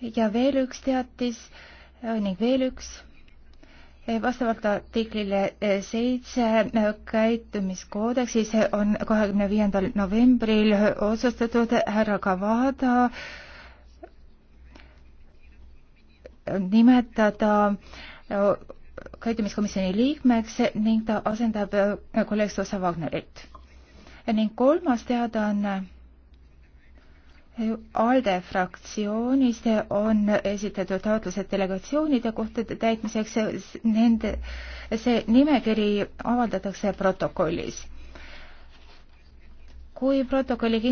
ja veel üks teatis ning veel üks vastavalt artiklile eh, seitse eh, käitumiskoodeksis eh, on kahekümne viiendal novembril otsustatud härra Kavada nimetada käitumiskomisjoni liikmeks ning ta asendab kolleeg Sosa Wagnerit. ning kolmas teadaanne ALDE fraktsioonist on esitatud taotlused delegatsioonide kohtade täitmiseks, nende, see nimekiri avaldatakse protokollis. kui protokolli